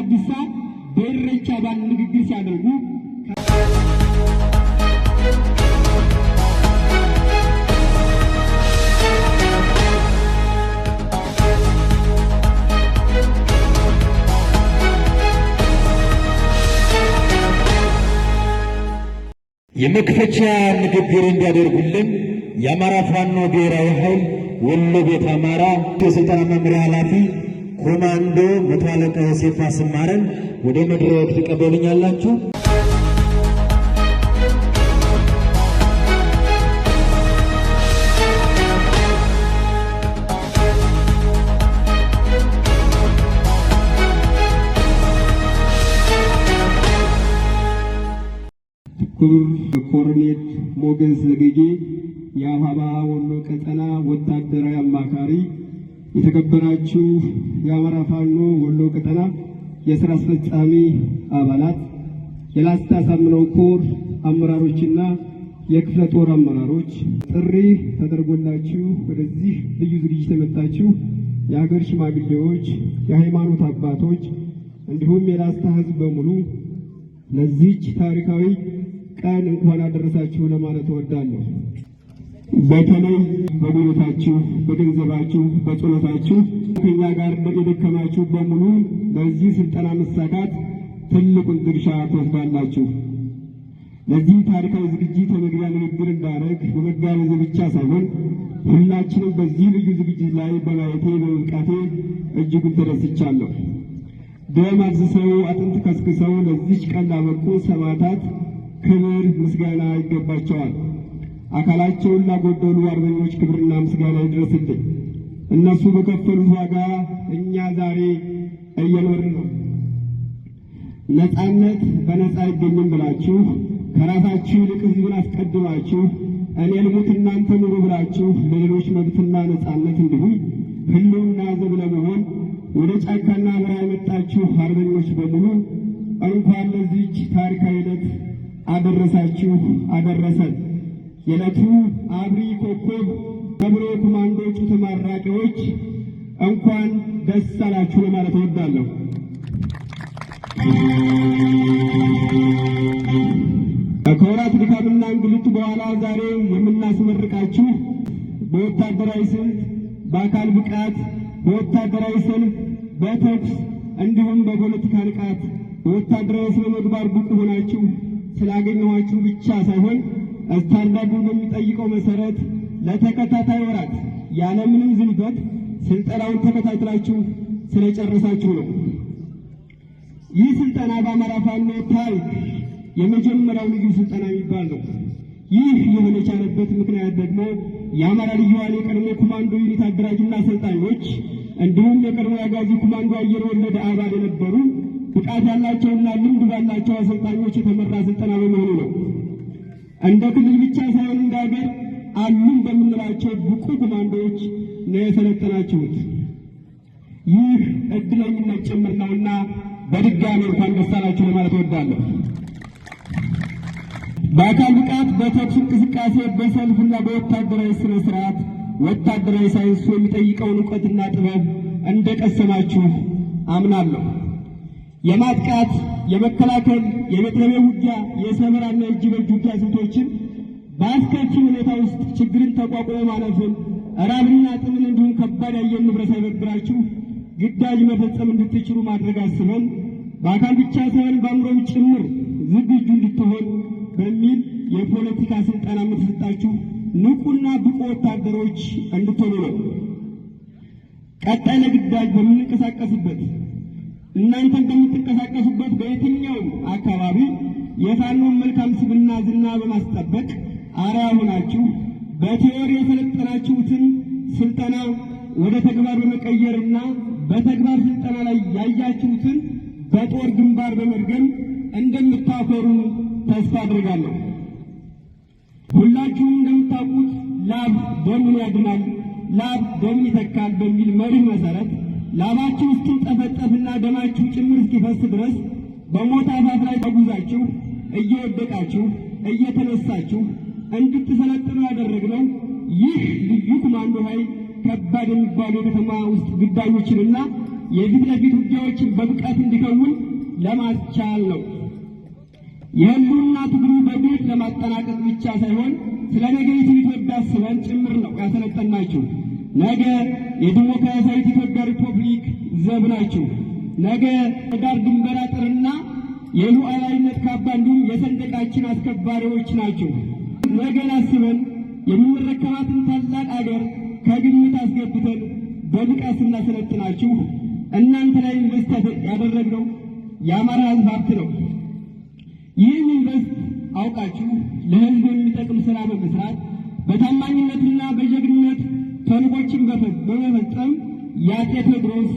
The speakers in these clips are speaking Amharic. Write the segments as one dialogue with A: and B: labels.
A: ፈዲሳ በኢሬቻ በዓል ንግግር ሲያደርጉ የመክፈቻ ንግግር እንዲያደርጉልን የአማራ ፋኖ ብሔራዊ ኃይል ወሎ ቤት አማራ የስልጠና መምሪያ ኃላፊ ኮማንዶ መቶ አለቃ ዮሴፍ አስማረን ወደ መድረክ ትቀበሉኛላችሁ።
B: ክቡር ኮርኔል ሞገስ ዘገዬ የአፋብኃ ወሎ ቀጠና ወታደራዊ አማካሪ የተከበራችሁ የአማራ ፋኖ ወሎ ቀጠና የስራ አስፈጻሚ አባላት፣ የላስታ ሳምነው ኮር አመራሮችና የክፍለ ጦር አመራሮች፣ ጥሪ ተደርጎላችሁ ወደዚህ ልዩ ዝግጅት የመጣችሁ የሀገር ሽማግሌዎች፣ የሃይማኖት አባቶች እንዲሁም የላስታ ህዝብ በሙሉ ለዚች ታሪካዊ ቀን እንኳን አደረሳችሁ ለማለት እወዳለሁ። በተለይ በጉልበታችሁ፣ በገንዘባችሁ፣ በጸሎታችሁ ከኛ ጋር የደከማችሁ በሙሉ በዚህ ስልጠና መሳካት ትልቁን ድርሻ ትወስዳላችሁ። ለዚህ ታሪካዊ ዝግጅት የመግቢያ ንግግር እንዳደረግ በመጋበዝ ብቻ ሳይሆን ሁላችንም በዚህ ልዩ ዝግጅት ላይ በማየቴ በመብቃቴ እጅጉን ተደስቻለሁ። ደም አፍስሰው አጥንት ከስክሰው ለዚች ቀን ላበቁ ሰማዕታት ክብር ምስጋና ይገባቸዋል። አካላቸውን ላጎደሉ አርበኞች ክብርና ምስጋና ይድረስልኝ። እነሱ በከፈሉት ዋጋ እኛ ዛሬ እየኖርን ነው። ነፃነት በነፃ አይገኝም ብላችሁ ከራሳችሁ ይልቅ ሕዝብን አስቀድማችሁ እኔ ልሙት እናንተ ኑሩ ብላችሁ ለሌሎች መብትና ነፃነት እንዲሁም ህልውና ዘብ ለመሆን ወደ ጫካና በራ የመጣችሁ አርበኞች በሙሉ እንኳን ለዚች ታሪካዊ ዕለት አደረሳችሁ አደረሰን። የዕለቱ አብሪ ኮከብ ተብሎ ኮማንዶቹ ተመራቂዎች እንኳን ደስ አላችሁ ለማለት እወዳለሁ። ከወራት ድካምና እንግልት በኋላ ዛሬ የምናስመርቃችሁ በወታደራዊ ስልት፣ በአካል ብቃት፣ በወታደራዊ ሰልፍ፣ በተኩስ እንዲሁም በፖለቲካ ንቃት በወታደራዊ ስነ ምግባር ብቁ ሆናችሁ ስላገኘኋችሁ ብቻ ሳይሆን ስታንዳርዱ በሚጠይቀው መሰረት ለተከታታይ ወራት ያለምንም ዝንፈት ስልጠናውን ተከታትላችሁ ስለጨረሳችሁ ነው። ይህ ስልጠና በአማራ ፋኖ ታሪክ የመጀመሪያው ልዩ ስልጠና የሚባል ነው። ይህ የሆነ የቻለበት ምክንያት ደግሞ የአማራ ልዩ ኃይል የቀድሞ ኮማንዶ ዩኒት አደራጅና አሰልጣኞች እንዲሁም የቀድሞ የአጋዚ ኮማንዶ አየር ወለድ አባል የነበሩ ብቃት ያላቸውና ልምድ ባላቸው አሰልጣኞች የተመራ ስልጠና በመሆኑ ነው። እንደ ክልል ብቻ ሳይሆን እንደ ሀገር አሉም በምንላቸው ብቁ ኮማንዶዎች ነው የሰለጠናችሁት። ይህ እድለኝነት ጭምር ነውና በድጋሚ እንኳን ደስ አላችሁ ለማለት እወዳለሁ። በአካል ብቃት፣ በተኩስ እንቅስቃሴ፣ በሰልፍና በወታደራዊ ስነ ስርዓት ወታደራዊ ሳይንሱ የሚጠይቀውን እውቀትና ጥበብ እንደቀሰማችሁ አምናለሁ። የማጥቃት፣ የመከላከል፣ የቤትለቤ ውጊያ፣ የሰበራና እጅ በእጅ ውጊያ ስልቶችን በአስከፊ ሁኔታ ውስጥ ችግርን ተቋቁሞ ማለፍን ራብና ጥምን እንዲሁም ከባድ አየር ንብረት ሳይበግራችሁ ግዳጅ መፈጸም እንድትችሉ ማድረግ አስበን በአካል ብቻ ሳይሆን በአእምሮም ጭምር ዝግጁ እንድትሆን በሚል የፖለቲካ ስልጠና የምትሰጣችሁ ንቁና ብቁ ወታደሮች እንድትሆኑ ነው። ቀጣይ ለግዳጅ በምንንቀሳቀስበት እናንተ በምትንቀሳቀሱበት በየትኛውም አካባቢ የፋኖን መልካም ስብና ዝና በማስጠበቅ አርያ ሆናችሁ በቴዎሪ የሰለጠናችሁትን ስልጠና ወደ ተግባር በመቀየርና በተግባር ስልጠና ላይ ያያችሁትን በጦር ግንባር በመድገም እንደምታፈሩ ተስፋ አድርጋለሁ። ሁላችሁም እንደምታውቁት ላብ ደምን ያድናል፣ ላብ ደምን ይተካል በሚል መሪ መሰረት ላባችሁ እስኪንጠፈጠፍና ደማችሁ ጭምር እስኪፈስ ድረስ በሞት አፋፍ ላይ ተጉዛችሁ እየወደቃችሁ እየተነሳችሁ እንድትሰለጥኑ ያደረግነው ይህ ልዩ ኮማንዶ ኃይል ከባድ የሚባሉ የከተማ ውስጥ ግዳዮችንና የፊት ለፊት ውጊያዎችን በብቃት እንዲከውን ለማስቻል ነው። የህልውና ትግሉ በድል ለማጠናቀቅ ብቻ ሳይሆን ስለ ነገሪቱ ኢትዮጵያ አስበን ጭምር ነው ያሰለጠናችሁ። ነገ የዲሞክራሲያዊት ኢትዮጵያ ሪፐብሊክ ዘብ ነገ ዳር ድንበር አጥርና የሉዓላዊነት ካባ እንዲሁም የሰንደቃችን አስከባሪዎች ናቸው። ነገን አስበን የሚመረከባትን ታላቅ አገር ከግምት አስገብተን በንቃት ስናሰለጥናችሁ እናንተ ላይ ኢንቨስት ያደረግነው የአማራ ሕዝብ ሀብት ነው። ይህን ኢንቨስት አውቃችሁ ለሕዝብ የሚጠቅም ስራ በመስራት በታማኝነትና በጀግንነት ታሪኮችን በመፈጸም የአፄ ቴዎድሮስ፣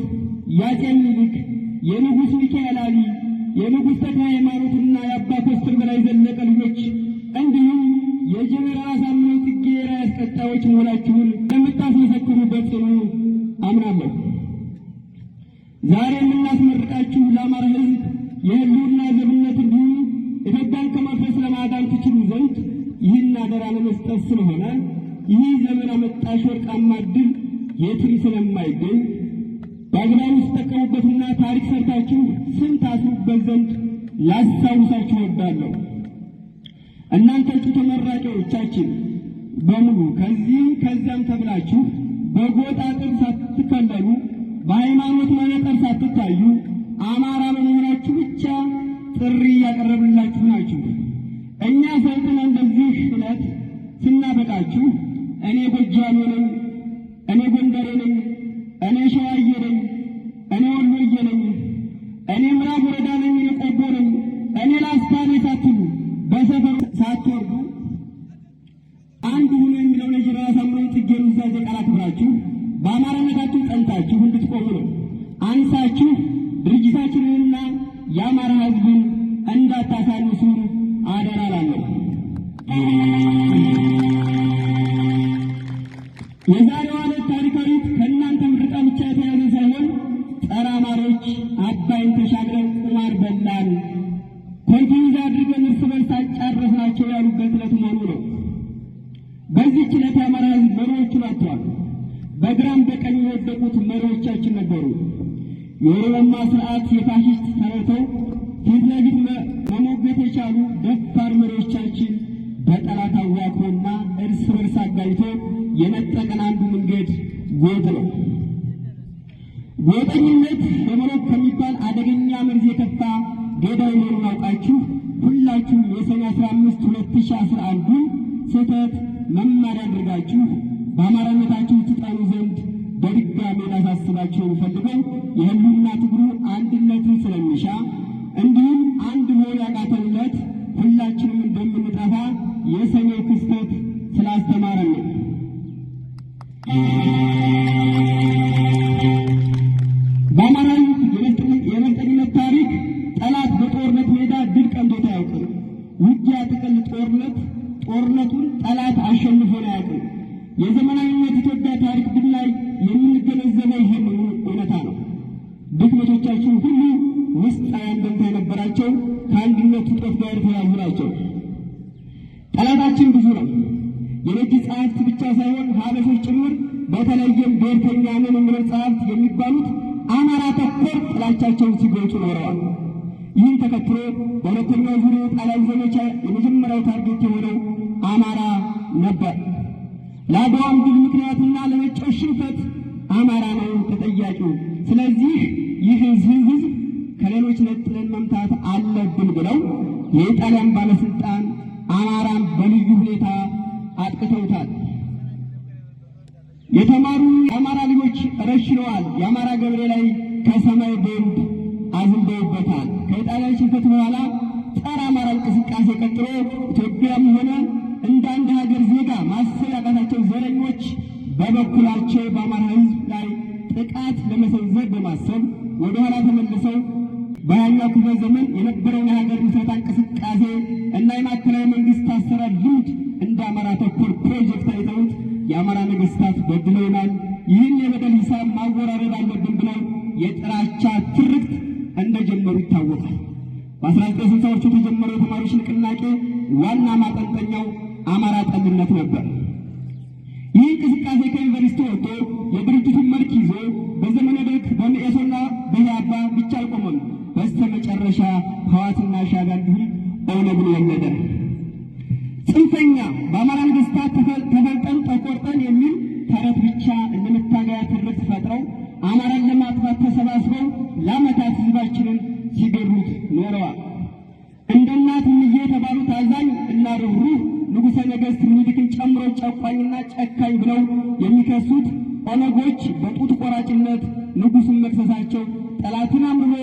B: የአፄ ምኒልክ፣ የንጉሥ ሚካኤል አሊ፣ የንጉሥ ተክለ ሃይማኖትና የአባ ኮስትር በላይ ዘለቀ ልጆች እንዲሁም የጀነራል አሳምነው ጽጌ ራስ ቀጣዮች መሆናችሁን የምታስመሰክሩበት ጽኑ አምናለሁ። ዛሬ የምናስመርቃችሁ አዳሽ ወርቃማ እድል የትም ስለማይገኝ በአግባቡ ስትጠቀሙበትና ታሪክ ሰርታችሁ ስም ታስሩበት ዘንድ ላስታውሳችሁ እወዳለሁ። እጩ ተመራቂዎቻችን በሙሉ ከዚህም ከዚያም ተብላችሁ በጎጣ አጥር ሳትከለሉ በሃይማኖት መነጠር ሳትታዩ አማራ በመሆናችሁ ብቻ ጥሪ እያቀረብንላችሁ ናችሁ። እኛ ሰልጥነን በዚህ ዕለት ስናበቃችሁ እኔ ጎጃሜ ነኝ፣ እኔ ጎንደሬ ነኝ፣ እኔ ሸዋዬ ነኝ፣ እኔ ወሎዬ ነኝ፣ እኔ ምዕራብ ወረዳ ነኝ፣ እኔ ነኝ፣ እኔ ላስታኔ ሳትሉ በሰፈሩ ሳትወርዱ አንድ ሁኑ የሚለው ለጀነራል አሳምነው ጽጌን ዛዘ ቃል አክብራችሁ በአማራነታችሁ ጸንታችሁ እንድትቆሙ ነው። አንሳችሁ ድርጅታችንንና የአማራ ሕዝብን እንዳታሳንሱን አደራ ላለሁ። ኮንፊውዝ አድርገን እርስ በርስ አጫረፍናቸው ያሉበት ዕለት መሆኑ ነው። በዚህች ዕለት የአማራ ሕዝብ መሪዎቹን አጥተዋል። በግራም በቀኝ የወደቁት መሪዎቻችን ነበሩ። የኦሮማ ስርዓት የፋሽስት ተረተው ፊት ለፊት መሞገት የቻሉ ደፋር መሪዎቻችን በጠላት አዋክሮና እርስ በርስ አጋይቶ የነጠቀን አንዱ መንገድ ጎጥ ነው። ጎጠኝነት በመሮክ ከሚባል አደገኛ መርዝ የከፋ ገዳይ የማውቃችሁ ሁላችሁም የሰኔ 15 2011ን ስህተት መማሪያ አድርጋችሁ በአማራነታችሁ ትጠኑ ዘንድ በድጋሜ ላሳስባችሁ የሚፈልገው የህልውና ትግሩ አንድነትን ስለሚሻ እንዲሁም አንድ መሆን ያቃተንለት ሁላችንም እንደምንጠፋ የሰኔ ክስተት ስላስተማረን ነው። ጠላታችን ብዙ ነው። የነጭ ጸሐፍት ብቻ ሳይሆን ሀበሾች ጭምር በተለይም ብሔርተኛንን የሚለው ጸሐፍት የሚባሉት አማራ ተኮር ጥላቻቸውን ሲገልጹ ኖረዋል። ይህን ተከትሎ በሁለተኛው ዙር ጣሊያን ዘመቻ የመጀመሪያው ታርጌት የሆነው አማራ ነበር። ለአድዋም ድል ምክንያትና ለነጮች ሽንፈት አማራ ነው ተጠያቂው። ስለዚህ ይህ ህዝብ ህዝብ ከሌሎች ነጥለን መምታት አለብን ብለው የኢጣሊያን ባለስልጣን አማራን በልዩ ሁኔታ አጥቅተውታል። የተማሩ የአማራ ልጆች ረሽነዋል። የአማራ ገበሬ ላይ ከሰማይ ቦምብ አዝንበውበታል። ከኢጣሊያን ሽንፈት በኋላ ጸረ አማራ እንቅስቃሴ ቀጥሎ ኢትዮጵያም ሆነ እንደ አንድ ሀገር ዜጋ ማሰብ ያቃታቸው ዘረኞች በበኩላቸው በአማራ ሕዝብ ላይ ጥቃት ለመሰንዘር በማሰብ ወደኋላ ተመልሰው በሀያኛው ክፍለ ዘመን የነበረውን የሀገር ምስረታ እንቅስቃሴ እና የማዕከላዊ መንግስት አሰራር ልምድ እንደ አማራ ተኮር ፕሮጀክት አይተውት የአማራ ነገስታት በድለውናል፣ ይህን የበደል ሂሳብ ማወራረድ አለብን ብለው የጥላቻ ትርክት እንደጀመሩ ይታወቃል። በ1960ዎቹ የተጀመረው የተማሪዎች ንቅናቄ ዋና ማጠንጠኛው አማራ ጠልነት ነበር። ይህ እንቅስቃሴ ከዩኒቨርሲቲ ወጥቶ የድርጅቱን መልክ ይዞ በዘመነ ደግ በመኢሶንና በኢህአፓ ብቻ አልቆመም። በስተመጨረሻ ህዋትና ሻዕቢያ እንዲሁም ኦነግን ወለደ። ጽንፈኛ በአማራ ነገስታት ተፈልጠን ተቆርጠን የሚል ተረት ብቻ እንደመታገያ ትርክ ፈጥረው አማራን ለማጥፋት ተሰባስበው ለአመታት ህዝባችንን ሲገሩት ኖረዋል። እንደ እናት ምዬ የተባሉት አዛኝ እና ርኅሩህ ንጉሠ ነገሥት ምኒልክን ጨምሮ ጨቋኝና ጨካኝ ብለው የሚከሱት ኦነጎች በጡት ቆራጭነት ንጉሱን መክሰሳቸው ጠላትን አምርሮ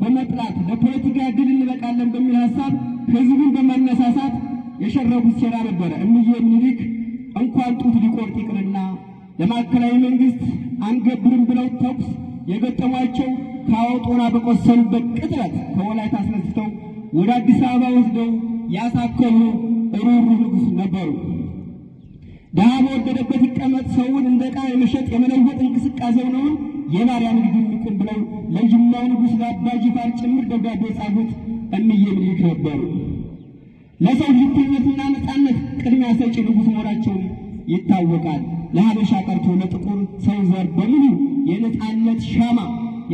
B: በመጥላት ለፖለቲካ ድል እንበቃለን በሚል ሀሳብ ህዝቡን በማነሳሳት የሸረቡት ሴራ ነበረ። እምዬ ምኒልክ እንኳን ጡት ሊቆርጥ ይቅርና ለማዕከላዊ መንግስት አንገብርም ብለው ተኩስ የገጠሟቸው ከአውጦና በቆሰሉበት ቅጥረት ከወላይታ አስነስተው ወደ አዲስ አበባ ወስደው ያሳከሉ ሩሩ ንጉሥ ነበሩ። ድሃ በወደደበት ይቀመጥ ሰውን እንደ ዕቃ የመሸጥ የመለወጥ እንቅስቃሴው ነውን የባሪያ ንግድ ይቁም ብለው ለጅማ ንጉሥ ለአባ ጭምር ደብዳቤ ጻፉት። እምዬ ምኒልክ ነበሩ። ለሰው እኩልነትና ነጻነት ቅድሚያ ሰጪ ንጉሥ መሆናቸውም ይታወቃል። ለሀበሻ ቀርቶ ለጥቁር ሰው ዘር በሙሉ የነጻነት ሻማ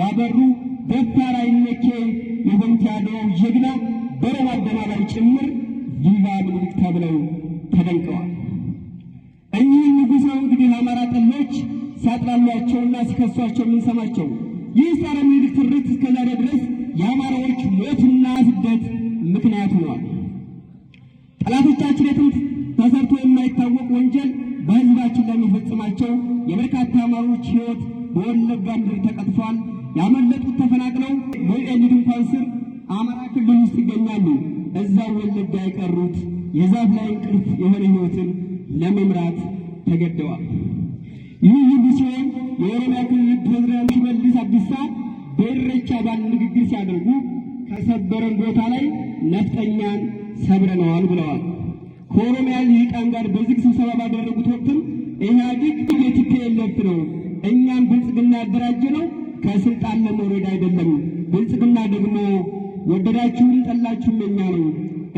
B: ያበሩ ደፋር አይነኬ የሆኑት ያለው ጀግና በረራ አደባባይ ጭምር ቪቫ ምኒልክ ተብለው ተደንቀዋል። እኚህ ንጉሥ ነው እንግዲህ አማራ ጠሎች ሲያጥላሏቸውና ሲከሷቸው የምንሰማቸው። ይህ ጸረ መንግስት ትርክት እስከዛሬ ድረስ የአማራዎች ሞትና ስደት ምክንያት ሆኗል። ጠላቶቻችን የትንት ተሰርቶ የማይታወቅ ወንጀል በህዝባችን ላይ የሚፈጽማቸው የበርካታ አማራዎች ህይወት በወለጋ ምድር ተቀጥፏል። ያመለጡት ተፈናቅለው በቀኝ ድንኳን ስር አማራ ክልል ውስጥ ይገኛሉ። እዛ ወለጋ የቀሩት የዛፍ ላይ እንቅልፍ የሆነ ህይወትን ለመምራት ተገደዋል። ይህ ሁሉ ሲሆን የኦሮሚያ ክልል ፕሬዝዳንት ሽመልስ አብዲሳ በኢሬቻ በዓል ንግግር ሲያደርጉ ከሰበረን ቦታ ላይ ነፍጠኛን ሰብረነዋል ብለዋል። ከኦሮሚያ ልሂቃን ጋር በዝግ ስብሰባ ባደረጉት ወቅትም ኢህአዲግ የቲፒኤልኤፍ ነው፣ እኛም ብልጽግና ያደራጀ ነው፣ ከስልጣን ለመውረድ አይደለም። ብልጽግና ደግሞ ወደዳችሁም ጠላችሁም የኛ ነው፣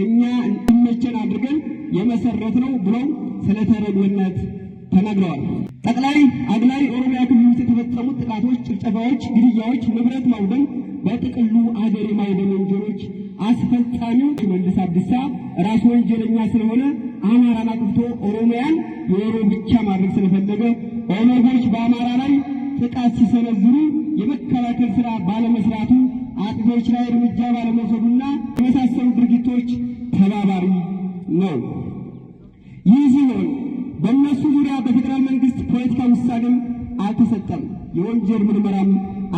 B: እኛ እንዲመቸን አድርገን የመሰረት ነው ብለው ስለ ተረግነት ተናግረዋል። ጠቅላይ አግላይ ኦሮሚያ እቀባዎች፣ ግድያዎች፣ ንብረት ማውደም በጥቅሉ አገር የማይደም ወንጀሎች አስፈጻሚው ሽመልስ አብዲሳ ራሱ ወንጀለኛ ስለሆነ አማራን አጥፍቶ ኦሮሚያን የኦሮ ብቻ ማድረግ ስለፈለገ ኦሮሞች በአማራ ላይ ጥቃት ሲሰነዝሩ የመከላከል ስራ ባለመስራቱ አጥፊዎች ላይ እርምጃ ባለመውሰዱና የመሳሰሉ ድርጊቶች ተባባሪ ነው። ይህ ሲሆን በእነሱ ዙሪያ በፌዴራል መንግስት ፖለቲካ ውሳኔም አልተሰጠም። የወንጀል ምርመራም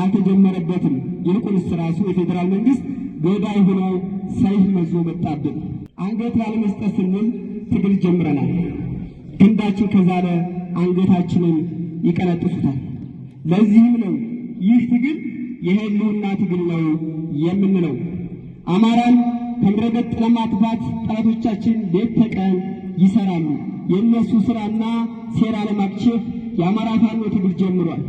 B: አልተጀመረበትም። ይልቁንስ ራሱ የፌዴራል መንግስት ገዳይ ሆነው ሰይፍ መዞ መጣብን። አንገት ላለመስጠት ስንል ትግል ጀምረናል። ግንዳችን ከዛለ አንገታችንን ይቀለጥሱታል። ለዚህም ነው ይህ ትግል የህልውና ትግል ነው የምንለው። አማራን ከምረገጥ ለማጥፋት ጠላቶቻችን ሌት ተቀን ይሰራሉ። የእነሱ ስራና ሴራ ለማክሸፍ የአማራ ፋኖ ትግል ጀምሯል።